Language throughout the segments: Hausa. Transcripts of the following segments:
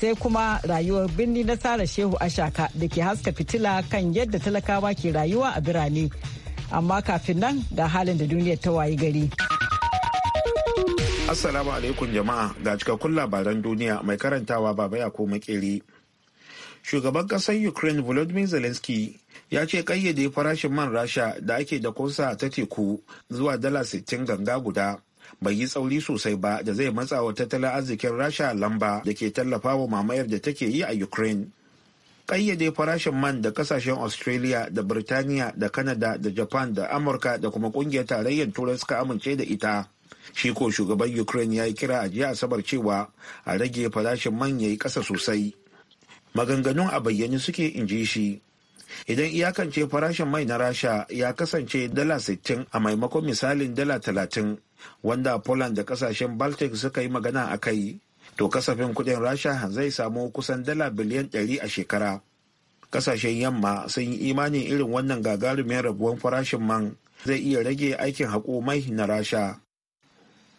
sai kuma rayuwar birni na Sara Shehu Ashaka da ke haska fitila kan yadda talakawa ke rayuwa a birane. Amma kafin nan ga halin da duniyar ta wayi gari. Assalamu alaikum jama'a ga cikakkun labaran duniya mai karantawa baba ya ko makeri. Shugaban ƙasar Ukraine Volodymyr Zelensky ya ce ƙayyade farashin man Rasha da ake da kusa ta teku zuwa dala 60 ganga guda. bai yi tsauri sosai ba da zai matsa wa tattalin arzikin rasha lamba da ke tallafa wa mamayar da take yi a ukraine ƙayyade farashin man da kasashen australia da birtaniya da canada da japan da amurka da kuma ƙungiyar tarayyar turai suka amince da ita shi ko shugaban ukraine ya yi kira a jiya asabar cewa a rage farashin man ya yi ƙasa sosai maganganun a bayyane suke in ji shi idan iyakance farashin mai na rasha ya kasance dala 60 a maimakon misalin dala 30 wanda poland da kasashen baltic suka yi magana a kai to kasafin kudin rasha zai samu kusan dala biliyan 100 a shekara kasashen yamma sun yi imanin irin wannan gagarumin rabuwar farashin man zai iya rage aikin haƙo mai na rasha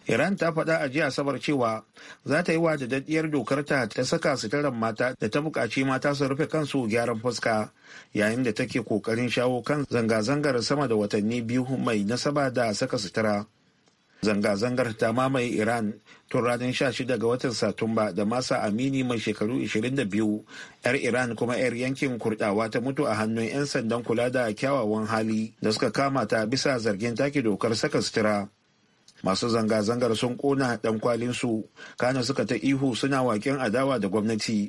iran ta faɗa a jiya asabar cewa za ta yi wa daddadiyar dokar ta ta saka suturan mata da ta buƙaci mata su rufe kansu gyaran fuska yayin da take ƙoƙarin shawo kan zanga-zangar sama da watanni biyu mai nasaba da saka sutura Zanga-zangar ta mamaye Iran tun ranar 16 ga watan Satumba da Masa Amini mai shekaru 22, 'yar Iran kuma 'yar yankin kurdawa ta mutu a hannun 'yan sandan kula da kyawawan hali da suka kama ta bisa zargin take dokar saka sutura. Masu zanga-zangar sun kona dan kwalinsu kana suka ta ihu suna waken adawa da gwamnati.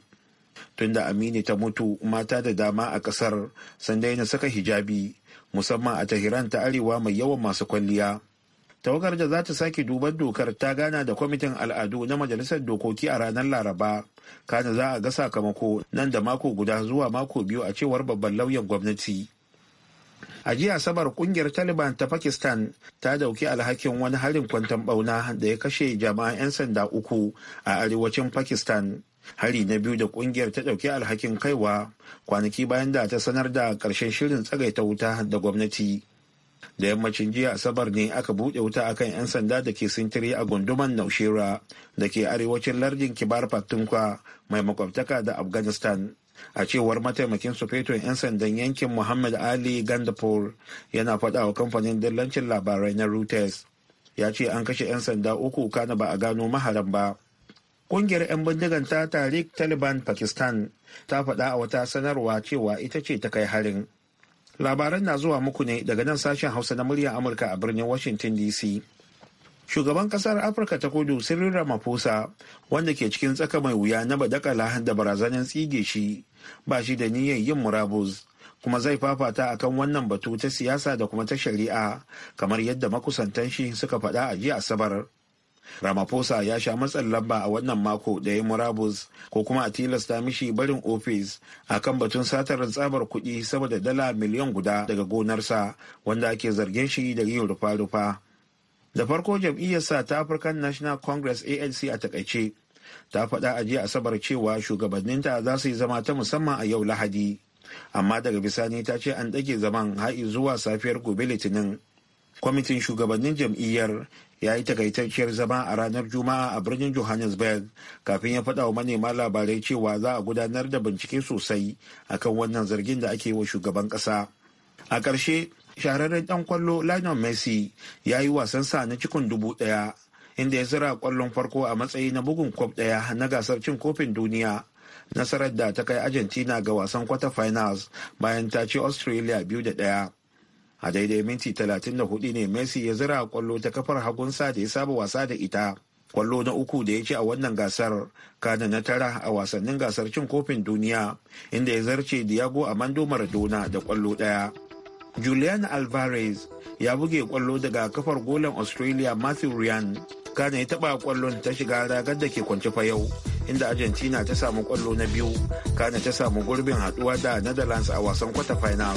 Tunda Amini ta mutu mata da dama a ƙasar sun daina saka hijabi musamman a Tahiran ta arewa mai yawan masu kwalliya. tawagar da za ta sake duban dokar ta gana da kwamitin al'adu na majalisar dokoki a ranar laraba kana za a ga sakamako nan da mako guda zuwa mako biyu a cewar babban lauyan gwamnati a jiya asabar kungiyar taliban ta pakistan ta dauki alhakin wani harin kwantan bauna da ya kashe jama'an 'yan sanda uku a arewacin pakistan hari na biyu da kungiyar ta dauki alhakin kaiwa kwanaki bayan da ta sanar da karshen shirin tsagaita wuta da gwamnati da yammacin jiya asabar ne aka buɗe wuta akan 'yan sanda da ke sintiri a gunduman naushera da ke arewacin lardin kibar patunka mai makwabtaka da afghanistan a cewar mataimakin sufeto 'yan sandan yankin muhammad ali gandapur yana faɗa wa kamfanin dillancin labarai na reuters ya ce an kashe 'yan sanda uku kana ba a gano maharan ba kungiyar 'yan bindigan ta tarik taliban pakistan ta faɗa a wata sanarwa cewa ita ce ta kai harin labaran na zuwa muku ne daga nan sashen hausa na muryar amurka a birnin washington dc shugaban kasar afirka ta kudu sirrin ramaphosa wanda ke cikin tsaka mai wuya na badakala da barazanin tsige shi ba shi da niyyar yin murabus kuma zai fafata akan wannan batu ta siyasa da kuma ta shari'a kamar yadda makusantan shi suka faɗa a jiya asabar Ramaphosa ya sha matsan lamba a wannan mako da ya murabus ko kuma a tilasta mishi barin ofis a kan batun satar tsabar kuɗi saboda dala miliyan guda daga gonarsa wanda ake zargin shi da yin rufa-rufa. Da farko jam'iyyarsa ta African National Congress ANC a takaice ta faɗa a jiya asabar cewa shugabanninta za su yi zama ta musamman a yau Lahadi. Amma daga bisani ta ce an ɗage zaman har zuwa safiyar gobe Litinin. kwamitin shugabannin jam'iyyar ya yi takaitacciyar zama a ranar juma'a a birnin johannesburg kafin ya faɗa wa manema labarai cewa za a gudanar da bincike sosai akan wannan zargin da ake wa shugaban ƙasa a ƙarshe shahararren ɗan kwallo lionel messi ya yi sa na cikin dubu ɗaya inda ya zira kwallon farko a matsayi na bugun kwaf ɗaya na gasar cin kofin duniya nasarar da ta kai argentina ga wasan quarter finals bayan ta ce australia biyu da ɗaya a daidai minti 34 ne messi ya zira kwallo ta kafar hagunsa da ya saba wasa da ita kwallo na uku da ya ci a wannan gasar kana na tara a wasannin gasar cin kofin duniya inda ya zarce diago amando maradona da kwallo daya julian alvarez ya buge kwallo daga kafar golan australia matthew ryan kana ya taba kwallon ta shiga ragar da ke kwance fa yau inda argentina ta samu kwallo na biyu kana ta samu gurbin haduwa da netherlands a wasan kwata final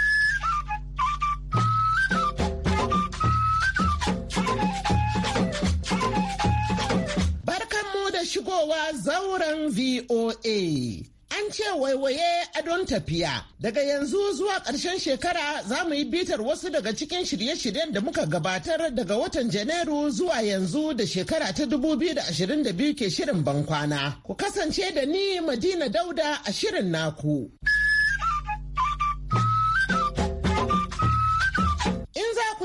kowa zauren VOA. An ce waiwaye adon tafiya. Daga yanzu zuwa ƙarshen shekara za mu yi bitar wasu daga cikin shirye-shiryen da muka gabatar daga watan Janairu zuwa yanzu da shekara ta 2022 ke shirin bankwana. Ku kasance da ni Madina Dauda a shirin naku.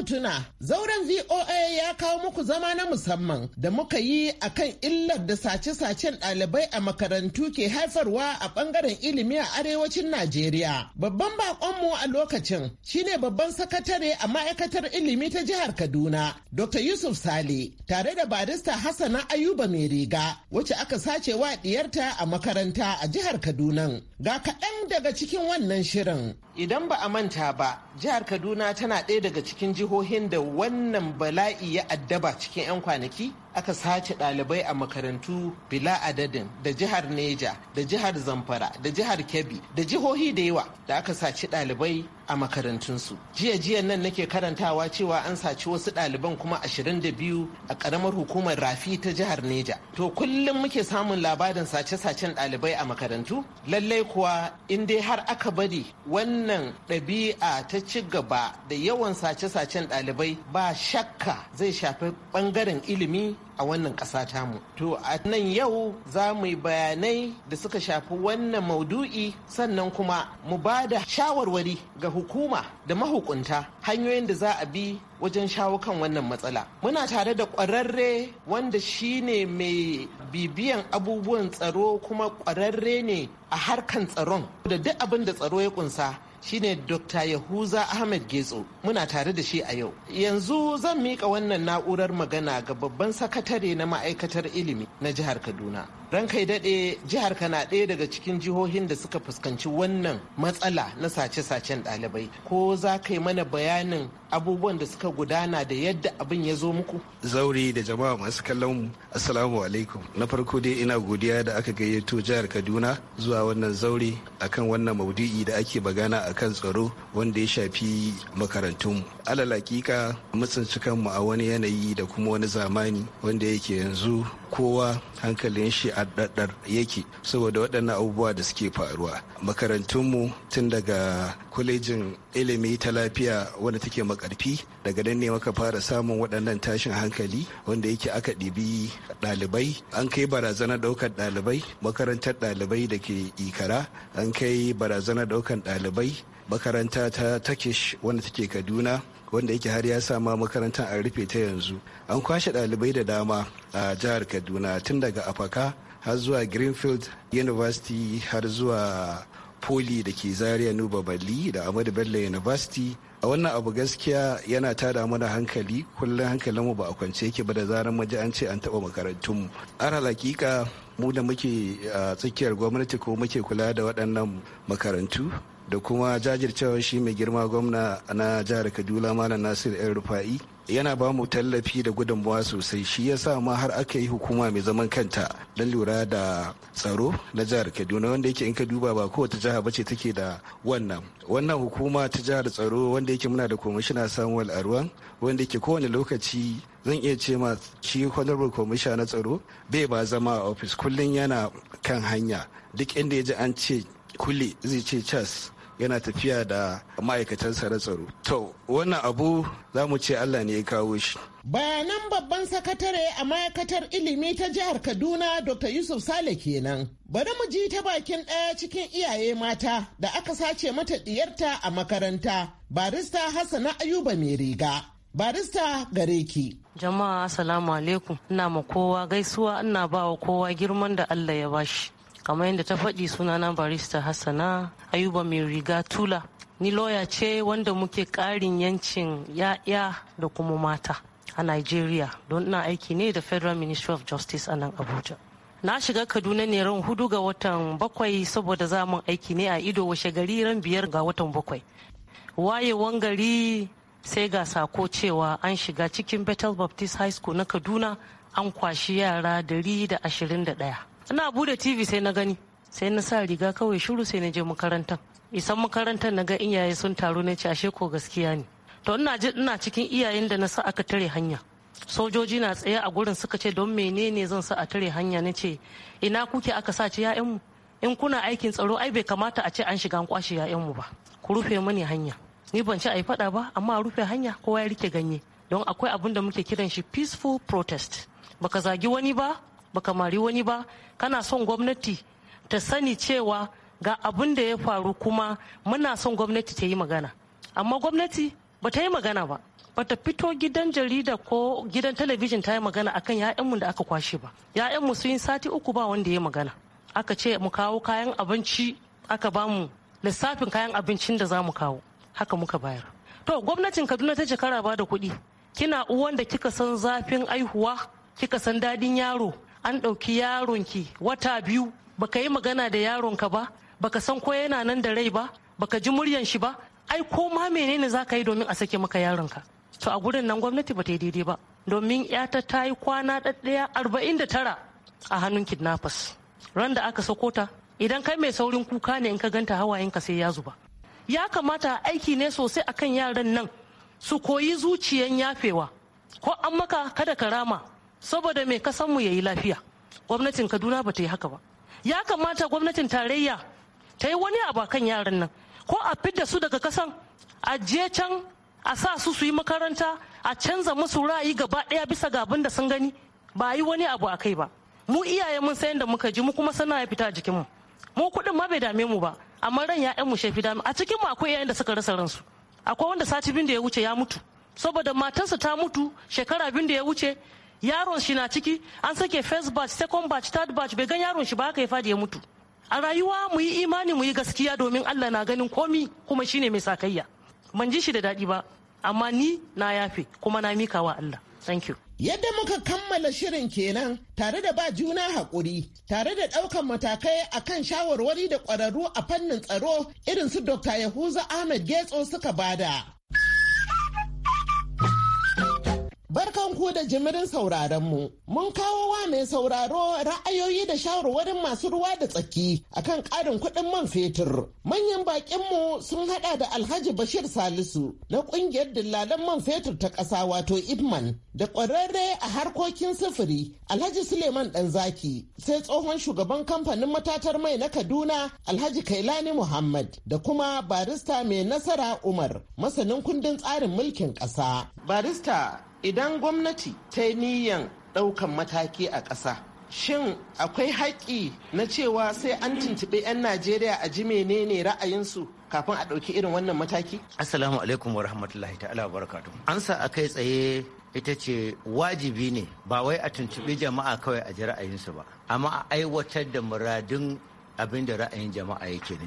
tuna zauren VOA ya kawo muku zama na musamman da muka yi a kan illar da sace-sacen ɗalibai a makarantu ke haifarwa a ɓangaren ilimi a arewacin Najeriya. Babban bakonmu a lokacin shine babban sakatare a ma'aikatar ilimi ta jihar Kaduna, Dr. Yusuf Sale, tare da barista Hassana Ayuba mai riga, wacce aka sace wa diyarta a makaranta a jihar Kaduna. Ga kaɗan daga cikin wannan shirin. Idan ba a manta ba, jihar Kaduna tana ɗaya daga cikin jihohi jihohin da wannan bala'i ya addaba cikin 'yan kwanaki aka sace ɗalibai a makarantu bila adadin da jihar neja da jihar zamfara da jihar kebbi da jihohi da yawa da aka sace ɗalibai a makarantunsu jiya jiya nan nake karantawa cewa an saci wasu ɗaliban kuma 22 a ƙaramar hukumar rafi ta jihar neja to kullum muke samun labarin sace-sacen ɗalibai a makarantu lallai kuwa in dai har aka bari wannan ɗabi'a ta ci gaba da yawan sace-sacen ɗalibai ba shakka zai shafi ɓangaren ilimi a wannan ƙasa tamu. To a nan yau za mu yi bayanai da suka shafi wannan maudu'i sannan kuma mu ba da shawarwari ga hukuma da mahukunta hanyoyin da za a bi wajen shawo kan wannan matsala. Muna tare da ƙwararre wanda shi ne mai bibiyan abubuwan tsaro kuma ƙwararre ne a harkan tsaron da duk abin da tsaro ya kunsa shine Dr. Yahuza Ahmed Getso muna tare da shi a yau. Yanzu zan miƙa wannan na'urar magana ga babban sakatare na ma'aikatar ilimi na jihar Kaduna. Ran kai daɗe jihar kana ɗaya daga cikin jihohin da suka fuskanci wannan matsala na sace-sacen ɗalibai ko za ka yi mana bayanin abubuwan da suka gudana da yadda abin ya zo muku zauri da jama'a masu kallon mu assalamu alaikum na farko dai ina godiya da aka gayyato jihar kaduna zuwa wannan zauri akan wannan maudu'i da ake magana akan tsaro wanda ya shafi makarantunmu alal hakika mu a wani yanayi da kuma wani zamani wanda yake yanzu kowa hankalin shi a daddar yake saboda waɗannan abubuwa da suke faruwa makarantunmu tun daga kwalejin ilimi ta lafiya wanda take makarfi daga nan ne maka fara samun waɗannan tashin hankali wanda yake aka ɗibi ɗalibai an kai barazanar ɗaukar ɗalibai makarantar ɗalibai da ke ikara an kai barazanar ɗaukar ɗalibai makaranta ta takish wanda take kaduna wanda yake har ya sama makarantar an rufe ta yanzu an kwashe ɗalibai da dama a jihar kaduna tun daga afaka har zuwa greenfield university har zuwa poli da ke zaria nuba bali da amadu bello university a wannan abu gaskiya yana tada mana hankali kullum hankalinmu ba a kwance yake ba da zarar maji an ce an taɓa makarantunmu ana hakika mu da muke a tsakiyar gwamnati ko muke kula da waɗannan makarantu da kuma jajircewa shi mai girma gwamna na jihar kaduna malam nasir yan rufa'i yana ba mu tallafi da gudunmawa sosai shi ya sa ma har aka yi hukuma mai zaman kanta don lura da tsaro na jihar kaduna wanda yake in ka duba ba kowace jiha bace take da wannan wannan hukuma ta jihar tsaro wanda yake muna da kwamishina samuel arwan wanda yake kowane lokaci zan iya ce ma shi honorable commissioner na tsaro bai ba zama a ofis kullum yana kan hanya duk inda ya ji an ce kule zai ce cas yana tafiya da ma'aikatan tsare tsaro to wannan abu za mu ce allah ne ya kawo shi bayanan babban sakatare a ma'aikatar ilimi ta jihar kaduna dr yusuf sale kenan bari mu ji ta bakin ɗaya cikin iyaye mata da aka sace mata ɗiyarta a makaranta barista hassana ayuba mai riga barista gare ki. Jama'a assalamu alaikum ina ma kowa gaisuwa ina ba wa kowa girman da Allah ya bashi. kamar yadda ta faɗi sunana barista hassana ayuba mai riga tula ni loya ce wanda muke ƙarin yancin ya'ya da kuma mata a nigeria don ina aiki ne da federal ministry of justice a nan abuja na shiga kaduna ne ran hudu ga watan bakwai saboda zamun aiki ne a ido washe gari ran biyar ga watan bakwai wayewan gari sai ga sako cewa an shiga cikin bethel baptist high school na kaduna an kwashi yara dari da ashirin da ɗaya. ana bude tv sai na gani sai na sa riga kawai shiru sai na je makarantar isan makarantar na ga iyaye sun taru na ce ashe ko gaskiya ne to ina ina cikin iyayen da na sa aka tare hanya sojoji na tsaye a gurin suka ce don menene zan sa a tare hanya na ce ina kuke aka sa ya'yan mu in kuna aikin tsaro ai bai kamata a ce an shiga an 'yayan mu ba ku rufe mani hanya ni ban ci a yi fada ba amma a rufe hanya kowa ya rike ganye don akwai abin da muke kiran shi peaceful protest baka zagi wani ba baka mari wani ba kana son gwamnati ta sani cewa ga abin da ya faru kuma muna son gwamnati ta yi magana amma gwamnati ba ta yi magana ba bata fito gidan jarida ko gidan talabijin ta yi magana akan 'ya'yanmu da aka kwashe ba 'ya'yanmu sun yi sati uku ba wanda ya magana aka ce mu kawo kayan abinci aka bamu lissafin kayan abincin da za mu kawo haka muka bayar to gwamnatin kaduna ta ce kara ba da kuɗi kina uwan da kika san zafin aihuwa kika san daɗin yaro an ɗauki yaronki wata biyu baka yi magana da yaronka ba baka san ko yana nan da rai ba baka ji muryan shi ba ai ko ma menene za ka yi domin a sake maka yaronka to a gurin nan gwamnati ba ta yi daidai ba domin yata ta yi kwana ɗaya arba'in da tara a hannun kidnappers ran da aka sako ta idan kai mai saurin kuka ne in ka ganta hawayenka sai ya zuba ya kamata aiki ne sosai akan yaran nan su koyi zuciyan yafewa ko an maka kada ka rama saboda mai kasanmu ya yi lafiya gwamnatin kaduna ba ta yi haka ba ya kamata gwamnatin tarayya ta yi wani abu kan yaran nan ko a fidda su daga kasan a je can a sa su su yi makaranta a canza musu ra'ayi gaba ɗaya bisa ga abin da sun gani ba yi wani abu a kai ba mu iyaye mun san da muka ji mu kuma sana ya fita a jikinmu mu kuɗin ma bai dame mu ba amma ran ya mu shafi dame a cikin mu akwai yayan da suka rasa ransu akwai wanda sati bin da ya wuce ya mutu saboda matarsa ta mutu shekara bin da ya wuce yaron shi na ciki an sake first batch second batch third batch bai gan yaron shi ba haka ya fadi ya mutu a rayuwa mu yi imani mu yi gaskiya domin Allah na ganin komi kuma shine mai sakayya ban ji shi da daɗi ba amma ni na yafe kuma na mika wa Allah thank you Yadda muka kammala shirin kenan tare da ba juna haƙuri, tare da ɗaukan matakai a kan shawarwari da ƙwararru a fannin tsaro irin su Dr. Yahuza Ahmed Getso suka bada. Barkan ku da jimirin sauraron mu. Mun kawo wa mai sauraro ra'ayoyi da shawarwarin masu ruwa da tsaki akan ƙarin kuɗin man fetur. Manyan baƙinmu sun haɗa da Alhaji Bashir Salisu na ƙungiyar dillalan man fetur ta ƙasa wato Ibman da ƙwararre a harkokin sufuri Alhaji Suleiman Ɗanzaki sai tsohon shugaban kamfanin matatar mai na Kaduna Alhaji Kailani Muhammad da kuma barista mai nasara Umar masanin kundin tsarin mulkin ƙasa. Barista idan gwamnati ta yi niyan ɗaukan mataki a ƙasa shin akwai haƙƙi na cewa sai an tuntuɓi 'yan najeriya a ji menene ra'ayinsu kafin a ɗauki irin wannan mataki assalamu alaikum wa rahmatullahi ta'ala wa barakatu an sa a kai tsaye ita ce wajibi ne ba wai a tuntuɓi jama'a kawai a ji ra'ayinsu ba amma a aiwatar da muradin abin da ra'ayin jama'a yake ne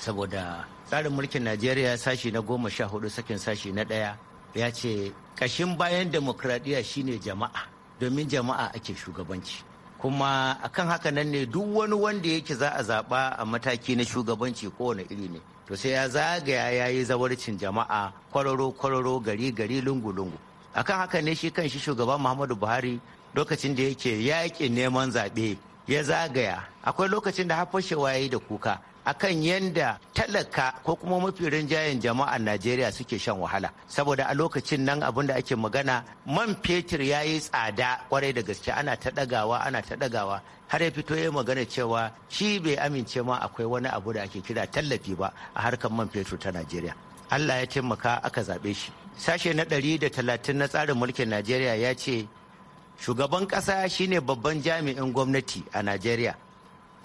saboda tsarin mulkin najeriya sashi na goma sha hudu sakin sashi na ɗaya ya ce kashin bayan demokradiyya shine jama'a domin jama'a ake shugabanci kuma akan haka nan ne duk wani wanda yake za a zaɓa a mataki na shugabanci kowane iri ne to sai ya zagaya ya yi zawarcin jama'a kwararo kwararo gari gari lungu lungu akan haka ne shi kan shi shugaban muhammadu buhari lokacin da yake yaƙin neman zaɓe ya zagaya akwai lokacin da har fashewa ya yi da kuka akan yanda talaka ko kuma mafi rinjayen jama'a Najeriya suke shan wahala saboda a lokacin nan abin da ake magana man fetur ya yi tsada kwarai da gaske ana ta ɗagawa ana ta ɗagawa har ya fito ya magana cewa shi bai amince ma akwai wani abu da ake kira tallafi ba a harkar man fetur ta Najeriya Allah ya taimaka aka zaɓe shi sashe na ɗari da talatin na tsarin mulkin Najeriya ya ce shugaban ƙasa shine babban jami'in gwamnati a Najeriya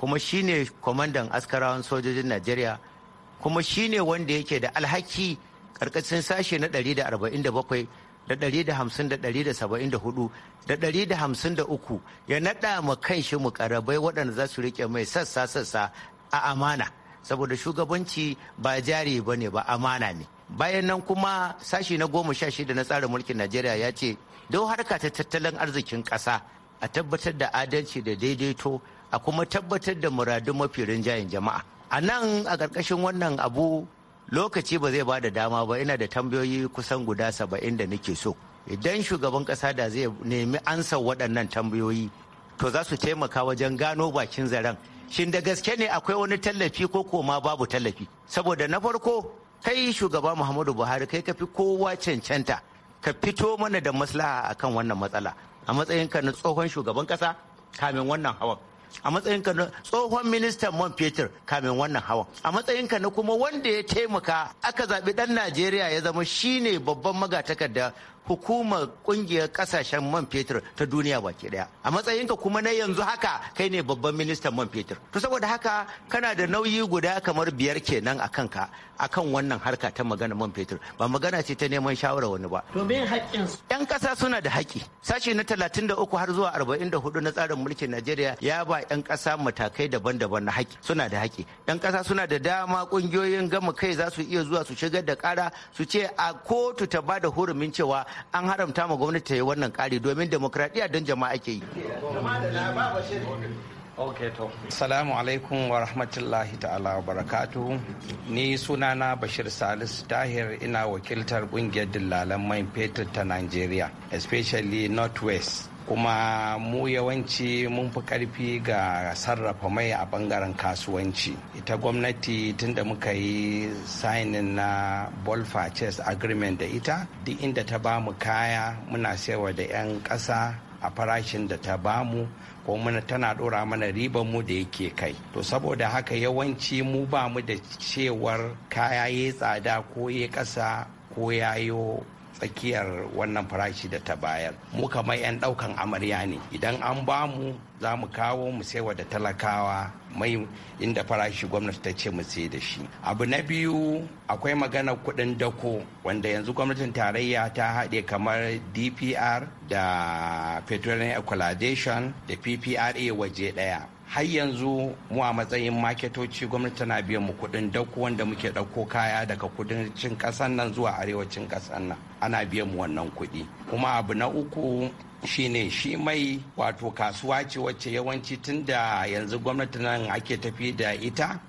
kuma shine kwamandan askarawan sojojin najeriya kuma shine wanda yake da alhaki karkashin sashe na 147 da 150 da 174 da uku ya naɗa ma kan shi mu karabai waɗanda za su riƙe mai sassa-sassa a amana saboda shugabanci ba jari ba ne ba amana ne bayan nan kuma sashi na goma sha shida na tsarin mulkin najeriya ya ce don harka ta tattalin arzikin ƙasa a tabbatar da adalci da daidaito a kuma tabbatar da muradun mafi rinjayen jama'a a nan a ƙarƙashin wannan abu lokaci ba zai ba da dama ba ina da tambayoyi kusan guda saba'in da nake so idan shugaban ƙasa da zai nemi ansa waɗannan tambayoyi to za su taimaka wajen gano bakin zaren shin da gaske ne akwai wani tallafi ko koma babu tallafi saboda na farko kai shugaba muhammadu buhari kai ka fi kowa cancanta ka fito mana da maslaha akan wannan matsala a matsayinka na tsohon shugaban ƙasa kamin wannan hawan a matsayinka na tsohon ministan man fetur kamin wannan hawan a matsayinka na kuma wanda ya taimaka aka zaɓi ɗan najeriya ya zama shine babban magatakarda hukumar kungiyar kasashen man fetur ta duniya baki daya a matsayinka kuma na yanzu haka kai ne babban ministan man fetur to saboda haka kana da nauyi guda kamar biyar kenan a kanka a kan wannan harka ta magana man fetur ba magana ce ta neman shawara wani ba to me haƙƙin yan ƙasa suna da haƙƙi sashi na 33 har zuwa 44 na tsarin mulkin Najeriya ya ba yan ƙasa matakai daban-daban na haƙƙi suna da haƙƙi yan ƙasa suna da dama kungiyoyin gama kai za su iya zuwa su shigar da ƙara su ce a kotu ta ba da hurumin cewa an haramta ma gwamnati ta yi wannan ƙari domin demokradiyya don jama'a ke yi. Salamu alaikum wa rahmatullahi ta'ala wa barakatu. Ni sunana Bashir Salisu Tahir ina wakiltar ƙungiyar dillalan man fetur ta Nigeria, especially Northwest. kuma mu yawanci mun fi karfi ga sarrafa mai a bangaren kasuwanci ita gwamnati tunda muka yi sainin na ball purchase agreement da ita duk inda ta bamu kaya muna sayarwa da 'yan ƙasa a farashin da ta bamu ko muna tana dora mana riban mu da yake kai to saboda haka yawanci mu ba mu da cewar kaya ya tsada ko ya ƙasa ko yayo tsakiyar wannan farashi da ta bayar mu kamar 'yan daukan amarya ne idan an ba mu za mu kawo mu saiwa da talakawa mai inda farashi gwamnati ta ce mu sai da shi abu na biyu akwai maganar kuɗin dako wanda yanzu gwamnatin tarayya ta haɗe kamar dpr da petroleum equalization da ppra waje ɗaya har yanzu mu a matsayin maketoci gwamnati na biyan mu kuɗin dauko wanda muke ɗauko kaya daga kudancin kasan nan zuwa arewacin kasan nan ana biyan mu wannan kuɗi kuma abu na uku shine shi mai wato kasuwa ce wacce yawanci tun da yanzu gwamnati nan ake tafi da ita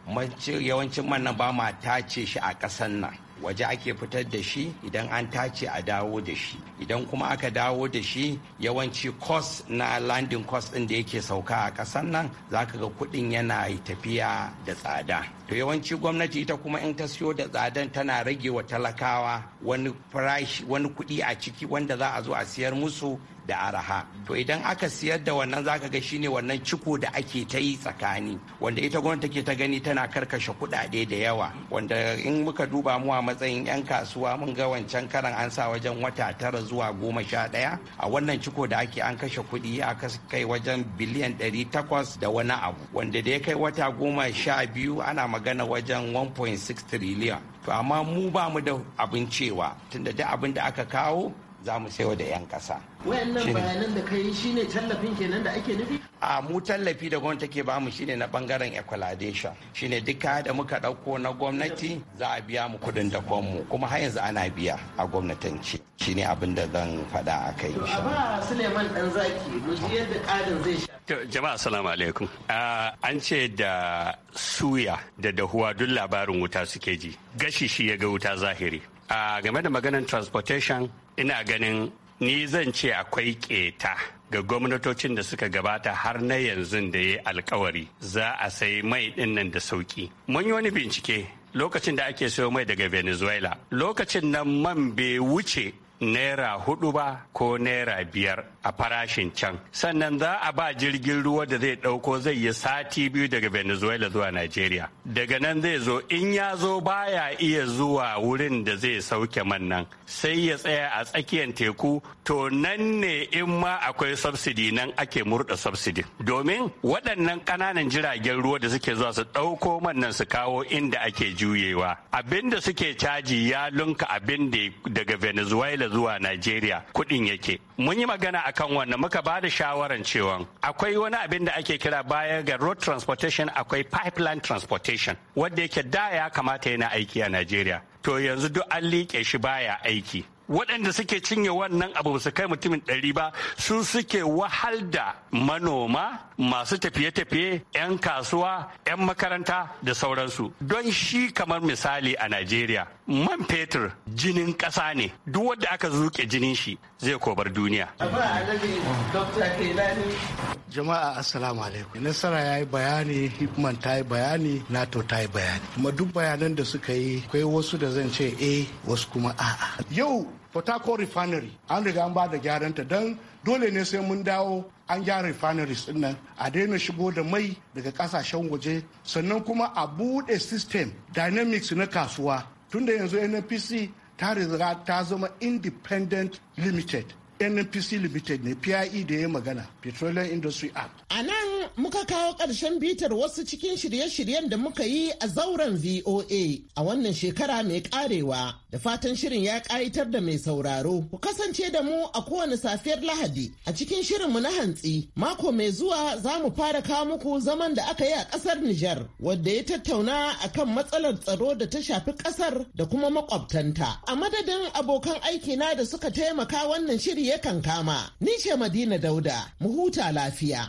yawancin manna ba ma tace shi a kasan nan waje ake fitar da shi idan an tace a dawo da shi idan kuma aka dawo da shi yawanci cost na landing cost din da yake sauka a ƙasar nan zaka ga kudin yana tafiya da tsada to yawanci gwamnati ita kuma in ta siyo da tsadan tana rage wa talakawa wani farashi wani kuɗi a ciki wanda za a zo a siyar musu da araha to idan aka siyar da wannan zaka ga shine wannan ciko da ake ta yi tsakani wanda ita gwamnati take ta gani tana karkashe kudade da yawa wanda in muka duba mu a matsayin 'yan kasuwa mun ga wancan karan an sa wajen wata tara zuwa goma sha daya a wannan ciko da ake an kashe kuɗi a kai wajen biliyan ɗari takwas da wani abu wanda da ya kai wata goma sha biyu ana magana wajen 1.6 trillion to amma mu ba mu da abin cewa tunda duk abin da aka kawo za mu sayo da 'yan kasa. Wayannan bayanan da ka yi shi ne tallafin kenan da ake nufi? A mu tallafi da gwamnati take bamu shi ne na bangaren equalization shi ne duka da muka ɗauko na gwamnati za a biya mu kudin da mu kuma har yanzu ana biya a gwamnatanci shi ne abin da zan faɗa a kai. A ba Suleiman ɗan zaki mu ji yadda ƙarin zai sha. Jama'a salamu alaikum. An ce da suya da dahuwa duk labarin wuta suke ji. Gashi shi ya ga wuta zahiri. a game da maganar transportation ina ganin ni zan ce akwai keta ga gwamnatocin da suka gabata har na yanzu da ya alkawari za a sai mai dinnan da sauƙi. Mun yi wani bincike lokacin da ake sayo mai daga Venezuela lokacin nan man bai wuce naira hudu ba ko naira biyar a farashin can sannan za a ba jirgin ruwa da zai dauko zai yi sati biyu daga venezuela zuwa nigeria daga nan zai zo in ya zo baya iya zuwa wurin da zai sauke man nan sai ya tsaya a tsakiyar teku to nan ne in ma akwai subsidi nan ake murda subsidi domin waɗannan ƙananan jiragen ruwa da suke zuwa su ɗauko man nan su kawo inda ake juyewa abinda suke caji ya lunka abin daga venezuela zuwa Najeriya kuɗin yake. Mun yi magana a kan wannan muka ba da shawaran cewa akwai wani abin da ake kira baya ga road transportation akwai pipeline transportation wadda yake da ya kamata yana aiki a Najeriya. To yanzu duk an liƙe shi baya aiki. waɗanda suke cinye wannan abu su kai mutumin ɗari ba su suke wahal da manoma masu tafiye-tafiye 'yan kasuwa 'yan makaranta da sauransu don shi kamar misali a najeriya man fetur jinin ƙasa ne duk wadda aka zuke jinin shi zai kobar duniya. Jama'a Assalamu alaikum. Nasara ya yi bayani, Hikman ta yi bayani, NATO ta yi bayani. Kuma duk bayanan da suka yi, akwai wasu da zan ce eh wasu kuma a'a. Yau potako refinery an riga an ba da gyaranta don dole ne sai mun dawo an gyara refineries din nan a daina shigo da mai daga kasashen waje sannan kuma a buɗe system dynamics na kasuwa tunda yanzu NNPC ta riga ta zama independent limited nnpc limited ne pie da ya magana petroleum industry act a nan muka kawo ƙarshen bitar wasu cikin shirye-shiryen da muka yi a zauren VOA a wannan shekara mai ƙarewa. Da fatan shirin ya ƙayatar da mai sauraro. Ku kasance da mu a kowane safiyar Lahadi a cikin shirinmu na hantsi. Mako mai zuwa za mu fara kawo muku zaman da aka yi a ƙasar Nijar wadda ya tattauna a kan matsalar tsaro da ta shafi ƙasar da kuma makwabtanta. A madadin abokan aiki na da suka taimaka wannan shiri ya kankama. Ni ce Madina Dauda, mu huta lafiya.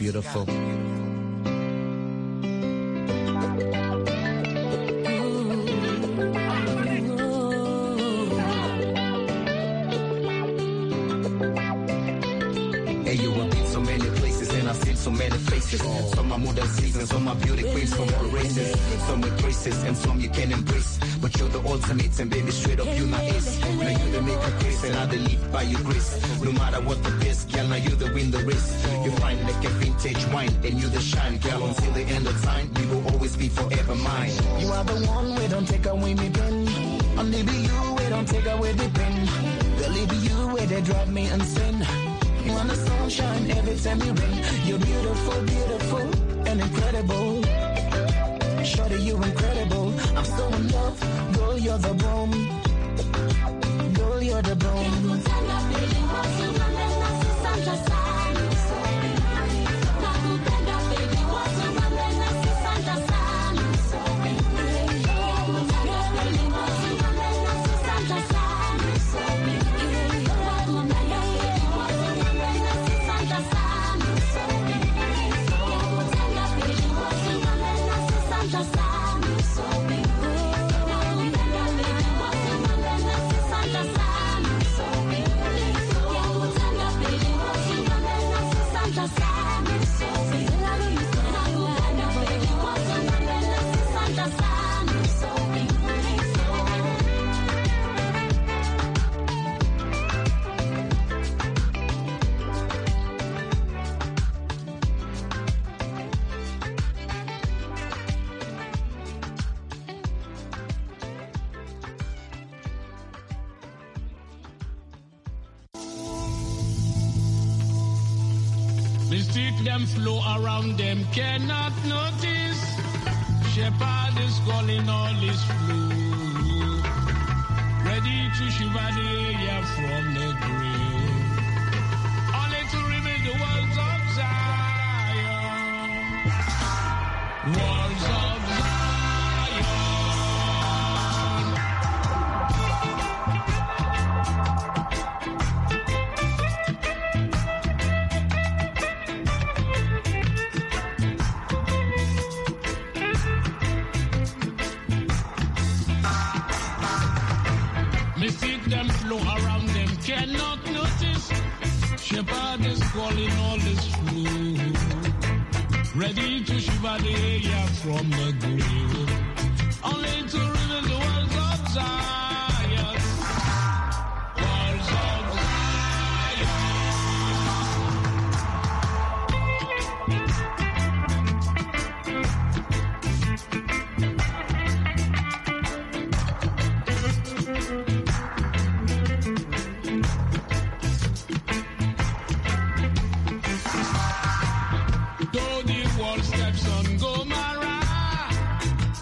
beautiful. My are modern seasons, some are beauty queens from all races, some with braces and some you can embrace. But you're the ultimate and baby, straight up you my ace. Now you the make a kiss, and I the lead by your grace. No matter what the best, girl, now you the win the race. You find like a vintage wine, and you the shine, girl. Until the end of time, you will always be forever mine. You are the one, we don't take away me pen. Only be you, we don't take away the pen. you, where they drive me insane. You are the sunshine every time you rain. You're beautiful, beautiful, and incredible. Shorty, you are incredible. I'm so in love. Girl, you're the bomb. Girl, you're the bomb. cannot notice. Shepherd is calling all his flock. Ready to shiver the.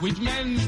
With means